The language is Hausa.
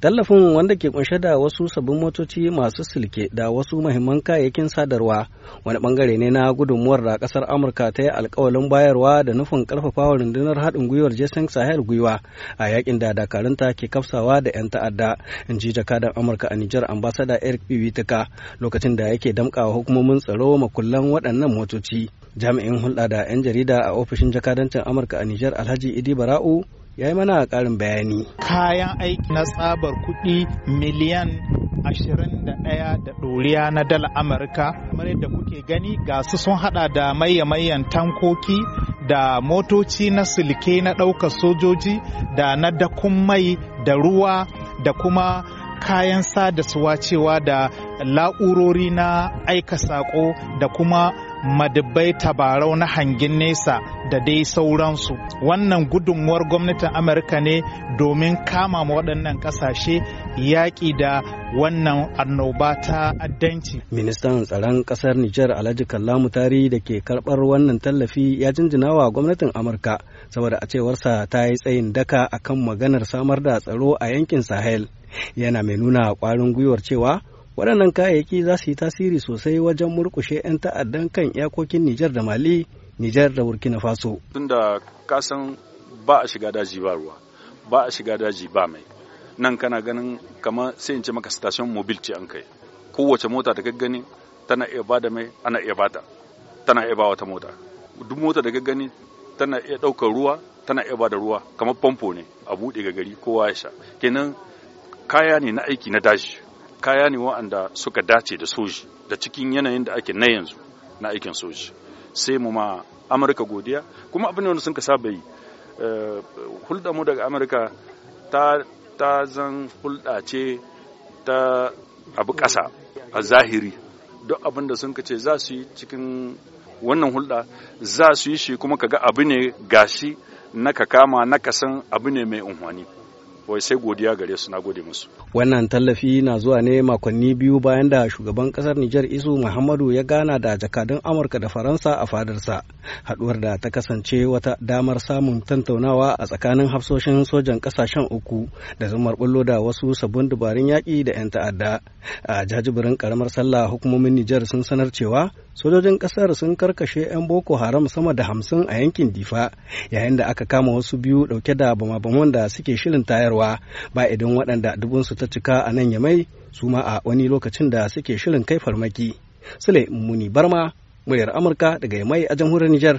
Tallafin wanda ke kunshe da wasu sabbin motoci masu silke da wasu mahimman kayayyakin sadarwa wani bangare ne na gudunmuwar da kasar Amurka ta yi alkawalin bayarwa da nufin karfafawa rundunar haɗin gwiwar Jason Sahel gwiwa a yakin da dakarunta ke kafsawa da 'yan ta'adda in ji jakadan Amurka a Nijar ambasada Eric Bibitika lokacin da yake damƙawa hukumomin tsaro makullan waɗannan motoci. Jami'in hulɗa da 'yan jarida a ofishin jakadancin Amurka a Nijar Alhaji Idi Bara'u ya yi mana ƙarin bayani kayan aiki na tsabar kuɗi miliyan ashirin da ɗaya da ɗoriya na dala amurka kamar yadda kuke gani ga su sun haɗa da maye-mayen tankoki da motoci na silke na ɗaukar sojoji da na dakun mai da ruwa da kuma kayan sada suwa cewa da la'urori na aika saƙo da kuma madubbai tabarau na hangin nesa da dai sauransu wannan gudunmuwar gwamnatin amurka ne domin kama waɗannan ƙasashe yaƙi da wannan annoba ta addanci ministan tsaron ƙasar nijar alhaji kallamu tari da ke karɓar wannan tallafi ya jinjina wa gwamnatin amurka saboda a cewarsa ta yi tsayin daka akan maganar samar da tsaro a yankin sahel yana mai nuna ƙwarin gwiwar cewa waɗannan kayayyaki za su yi tasiri sosai wajen murƙushe 'yan ta'addan kan iyakokin nijar da mali nijar da burkina faso tunda kasan ba a shiga daji ba ruwa ba a shiga daji ba mai nan kana ganin kamar sai in ce maka station mobile ce an kai kowace mota da gaggani tana iya bada mai ana iya bata tana iya ba wata mota duk mota da gaggani tana iya ɗaukar ruwa tana iya bada ruwa kamar famfo ne a buɗe ga gari kowa ya sha kenan kaya ne na aiki na daji kaya ne wa'anda suka dace da soji da cikin yanayin da ake na yanzu na aikin soji sai mu ma amurka godiya kuma abin da sun ka saba yi eh, hulɗa mu daga amurka ta ta zan hulɗa ce ta abu ƙasa a zahiri duk abin da sun ce za su yi cikin wannan hulɗa za su yi shi kuma ga abu ne gashi na ka kama na kasan abu ne mai unhwani wai sai godiya gare su na gode musu wannan tallafi na zuwa ne makonni biyu bayan da shugaban kasar Nijar Isu Muhammadu ya gana da jakadun Amurka da Faransa a fadarsa haduwar da ta kasance wata damar samun tantaunawa a tsakanin hafsoshin sojan kasashen uku da zumar bullo da wasu sabbin dabarun yaƙi da 'yan ta'adda a jajibirin karamar sallah hukumomin Nijar sun sanar cewa sojojin kasar sun karkashe 'yan boko haram sama da hamsin a yankin difa yayin da aka kama wasu biyu dauke da bama-baman da suke shirin tayarwa cewa ba idan waɗanda dubunsu ta cika a nan yamai su ma a wani lokacin da suke shirin kai farmaki. Sule Muni Barma, muryar Amurka daga yamai a jamhuriyar Nijar.